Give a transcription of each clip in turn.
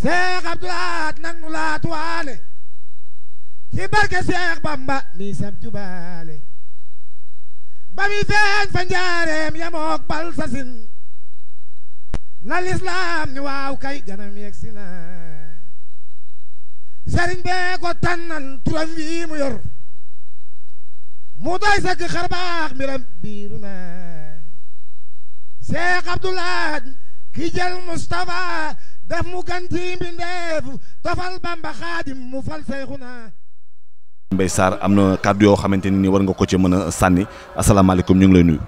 Seex Abdul Ahad nangu laa tuwaale ci barke Seex Bamba mi sab jubaale ba mi feeñ fa njaareem yamook bal sasin la lislaam ñu waaw kay ganam yegsi na sëriñ bee ko tànnal turam wii mu yor mu doy sëkk xarbaax mbiram biiru na Seex Abdul Ahad ki jël Mustafa def mu gan ci mbindeef tofal bamba xaadim mu fal seyxuna Mbaye Sarr am na kàddu yoo xamante ni war nga ko ci mën a sànni asalaamaaleykum ñu ngi lay nuyu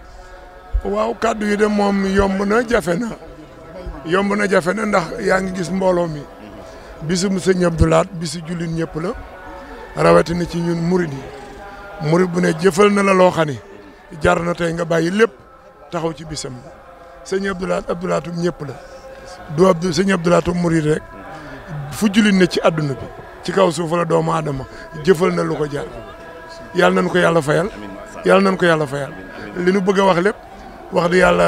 waaw kàddu yi de moom yomb na jafe na yomb na jafe na ndax yaa ngi gis mbooloo mi bisu sëñ Abdou bisu jullit ñëpp la rawatina ci ñun murid yi murid bu ne jëfal na la loo xam ne jar na tey nga bàyyi lépp taxaw ci bisam sëñ Abdou Lahad Abdou ñëpp la du ab sëñ Abdoulaye Tom murid rek fu jullit ne ci àdduna bi ci kaw suuf la doomu aadama jëfal na lu ko jaar yàlla nañu ko yàlla fayal yàlla nañu ko yàlla fayal li nu bëgg a wax lépp wax di yàlla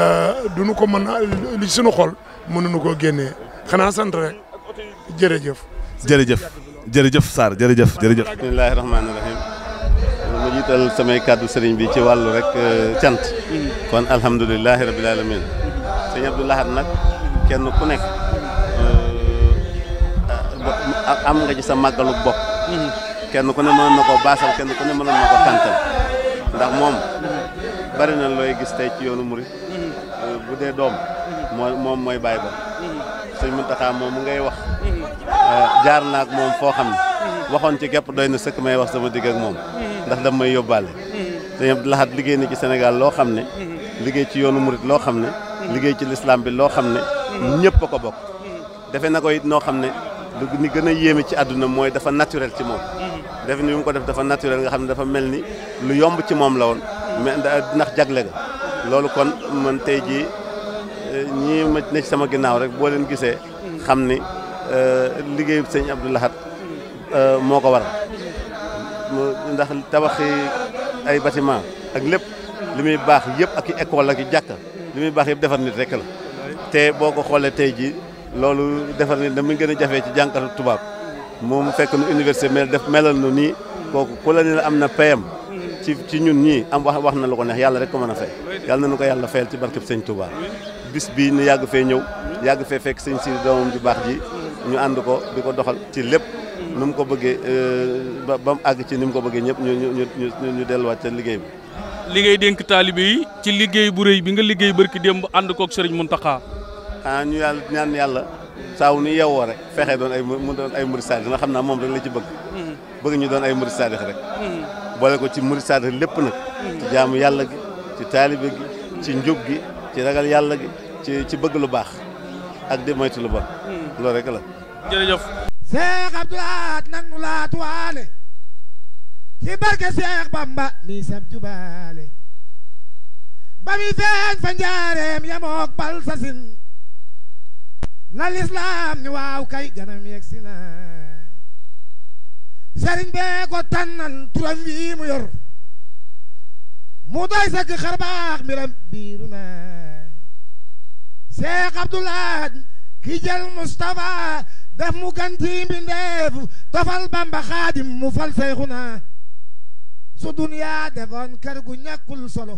du nu ko mën li suñu xol mënuñu koo génnee xanaa sant rek jërëjëf. jërëjëf jërëjëf jërëjëf jërëjëf. bismillaahi rahmaani rahiim ma samay kàddu sëriñ bi ci wàllu rek euh, cant. Mm. kon alhamdulilah rabil aalamiin sëñ Abdou Lahad nag. kenn ku nekk euh, am nga ci sa màggalu bopp mhm. kenn ku ne mënoon na koo baasal kenn ku ne mënoon na ko tàntal ndax moom bari na looy gis tey ci yoonu murit euh, bu dee doom mooy moom mooy baay ba sëñ Muntaxa moom mu ngay wax euh, jaar naa ak moom foo xam ne waxoon ci képp doy na sëkk may wax sama digg ak moom ndax daf may yóbbaale sëñ Abdou Lahad liggéey na ci Sénégal loo xam ne liggéey ci yoonu murit loo xam ne liggéey ci lislaam bi loo xam ne ñëpp a ko bokk defe na ko it noo xam ne lu ni gën a yéeme ci àdduna mooy dafa naturel ci moom defe ni mu ko def dafa naturel nga xam ne dafa mel ni lu yomb ci moom la woon mais ndax jagle ga loolu kon man tey jii eh, ñii ma ne ci sama ginnaaw rek boo leen gisee xam ni eh, liggéeyu sëñ Abdou Lahad eh, moo ko waral ndax tabaxi ay bâtiment ak lépp li muy baax yëpp ak i école ak i jàkka li muy baax yëpp defar nit rek la te boo ko xoolee tey ji loolu defar ni dama gën a jafee ci jànkatu tubaab mu fekk nu université mel def melal nu nii kooku ku la am na payam ci ci ñun ñii am wax wax na lu ko neex yàlla rek ko mën a fay yàlla nañu ko yàlla fayal ci barkeb sëñ Touba bis bii nu yàgg fee ñëw yàgg fee fekk señ si doomam ju baax ji ñu ànd ko di ko doxal ci lépp nu ko bëggee euh, ba mu àgg ci ni mu ko bëggee ñëpp ñu ñu ñu ñu delluwaat ca liggéey bi li ngay dénk taalibe yi ci liggéey bu rëy bi nga liggéey barki démb ànd kook sëriñ Muntaxa ah ñu yàlla ñaan yàlla saaw ni yewoo rek fexe doon ay mu doon ay murid saadix na xam naa moom rek la ci bëgg hmm. bëgg ñu doon ay murid saadix rek hmm. boole ko ci murid saadix lépp na hmm. ci jaamu yàlla gi ci taalibe gi ci njub gi ci ragal yàlla gi ci ci bëgg lu baax ak di moytu lu bon loolu rek la ci barke Seex Bamba mi sab jubaale ba mi feeñ fa njaareem yamook bal sasin na lislaam ni waaw kay ganam yegg si na sëriñ bee ko tànnal turam wii mu yor mu doy sëgg xar baax mbiram biiru na Seex Abdulaay ki jël Mustafa def mu gan ci mbindeef tofal Bamba xaadim mu fal seyxu na su duniyaa defoon kër gu ñàkkul solo